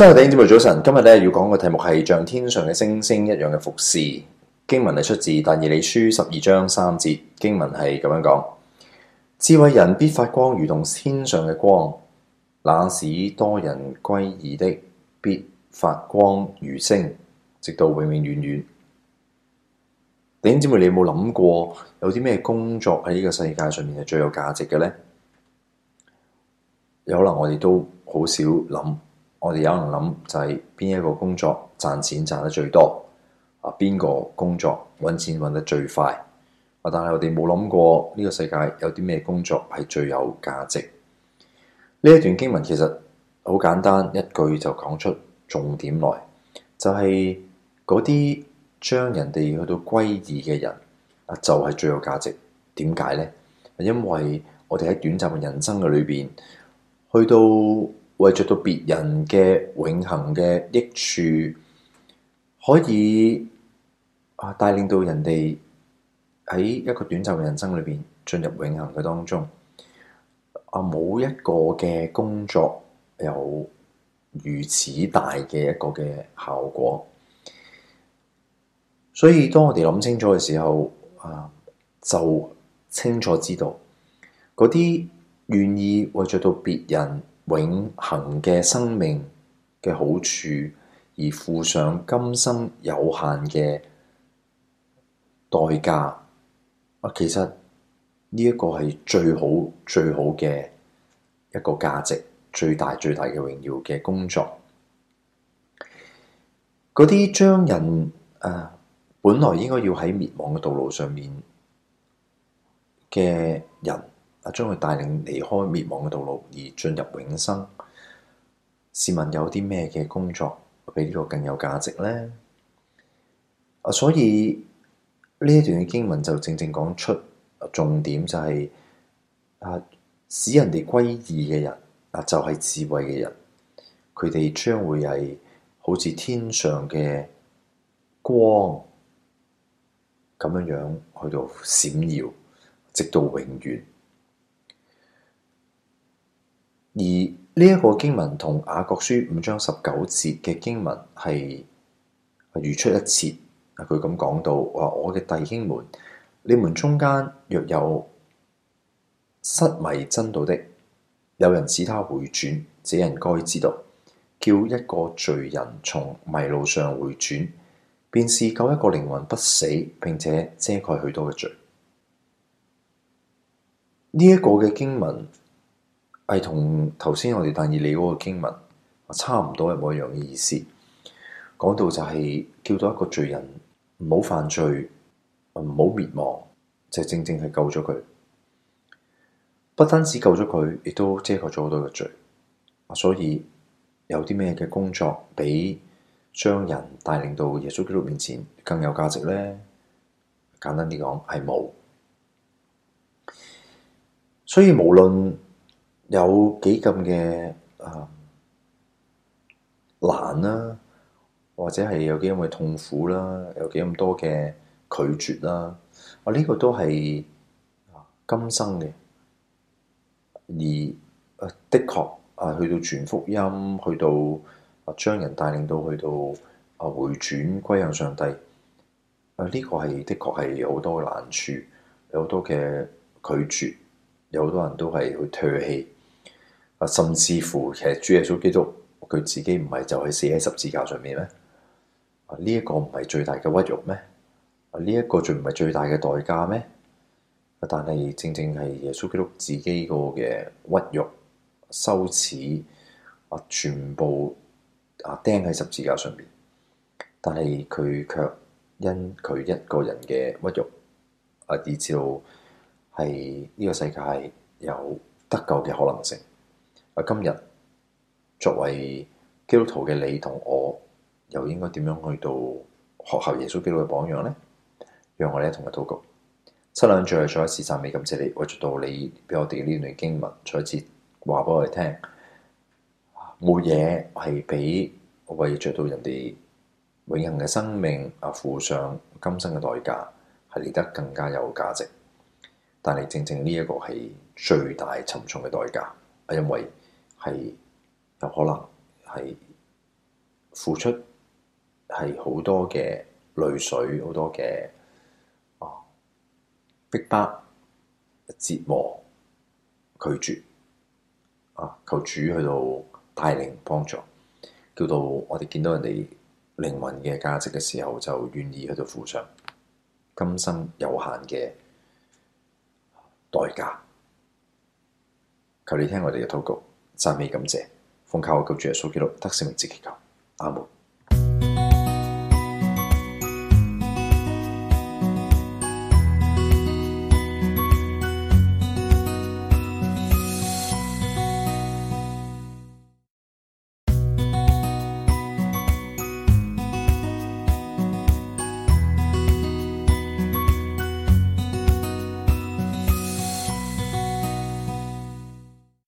親愛的弟兄姊妹，早晨。今日咧要講嘅題目係像天上嘅星星一樣嘅服侍。經文係出自但以理書十二章三節，經文係咁樣講：智慧人必發光，如同天上嘅光；那使多人歸義的，必發光如星，直到永永遠遠。弟兄姊妹，你有冇諗過有啲咩工作喺呢個世界上面係最有價值嘅呢？有可能我哋都好少諗。我哋有人諗就係邊一個工作賺錢賺得最多啊？邊個工作揾錢揾得最快啊？但係我哋冇諗過呢個世界有啲咩工作係最有價值？呢一段經文其實好簡單，一句就講出重點來，就係嗰啲將人哋去到歸義嘅人啊，就係最有價值。點解呢？因為我哋喺短暫嘅人生嘅裏邊去到。為著到別人嘅永恆嘅益處，可以啊帶領到人哋喺一個短暫嘅人生裏邊進入永恆嘅當中啊。冇一個嘅工作有如此大嘅一個嘅效果，所以當我哋諗清楚嘅時候啊，就清楚知道嗰啲願意為著到別人。永恆嘅生命嘅好處，而付上今生有限嘅代價，啊，其實呢一個係最好最好嘅一個價值，最大最大嘅榮耀嘅工作。嗰啲將人誒、啊，本來應該要喺滅亡嘅道路上面嘅人，將佢帶領離開滅亡嘅道路，而進入永生。試問有啲咩嘅工作比呢個更有價值呢？啊，所以呢一段嘅經文就正正講出重點，就係啊，使人哋歸義嘅人啊，就係智慧嘅人，佢哋將會係好似天上嘅光咁樣樣去到閃耀，直到永遠。而呢一個經文同雅各書五章十九節嘅經文係如出一轍。佢咁講到：話我嘅弟兄們，你們中間若有失迷真道的，有人使他回轉，這人該知道，叫一個罪人從迷路上回轉，便是救一個靈魂不死，並且遮蓋許多嘅罪。呢、這、一個嘅經文。係同頭先我哋但以理嗰個經文差唔多，係冇一樣嘅意思。講到就係叫到一個罪人唔好犯罪，唔好滅亡，就是、正正係救咗佢。不單止救咗佢，亦都遮蓋咗好多嘅罪。所以有啲咩嘅工作比將人帶領到耶穌基督面前更有價值咧？簡單啲講係冇。所以無論。有幾咁嘅、嗯、難啦、啊，或者係有幾咁嘅痛苦啦、啊，有幾咁多嘅拒絕啦、啊，啊呢、呢個都係今生嘅，而的確啊去到傳福音，去到啊將人帶領到去到啊回轉歸向上帝，啊呢、呢個係的確係有好多嘅難處，有好多嘅拒絕，有好多人都係去唾棄。甚至乎其實主耶穌基督佢自己唔係就係死喺十字架上面咩？呢一個唔係最大嘅屈辱咩？呢一個仲唔係最大嘅代價咩？但係正正係耶穌基督自己個嘅屈辱、羞恥啊，全部啊釘喺十字架上面。但係佢卻因佢一個人嘅屈辱啊，而至到係呢個世界有得救嘅可能性。今日作為基督徒嘅你同我，又應該點樣去到學習耶穌基督嘅榜樣呢？讓我哋一同去禱告。七兩再係再一次讚美感謝你，我着到你俾我哋呢段經文再一次話俾我哋聽，冇嘢係比我為着到人哋永恒嘅生命啊付上今生嘅代價係嚟得更加有價值，但係正正呢一個係最大沉重嘅代價，啊係因為。係有可能係付出係好多嘅淚水，好多嘅啊逼迫、折磨、拒絕啊。求主去到帶領幫助，叫到我哋見到人哋靈魂嘅價值嘅時候，就願意去到付上今生有限嘅代價。求你聽我哋嘅禱告。讚美感謝，奉靠我救主耶穌基督得勝，名字祈求，阿門。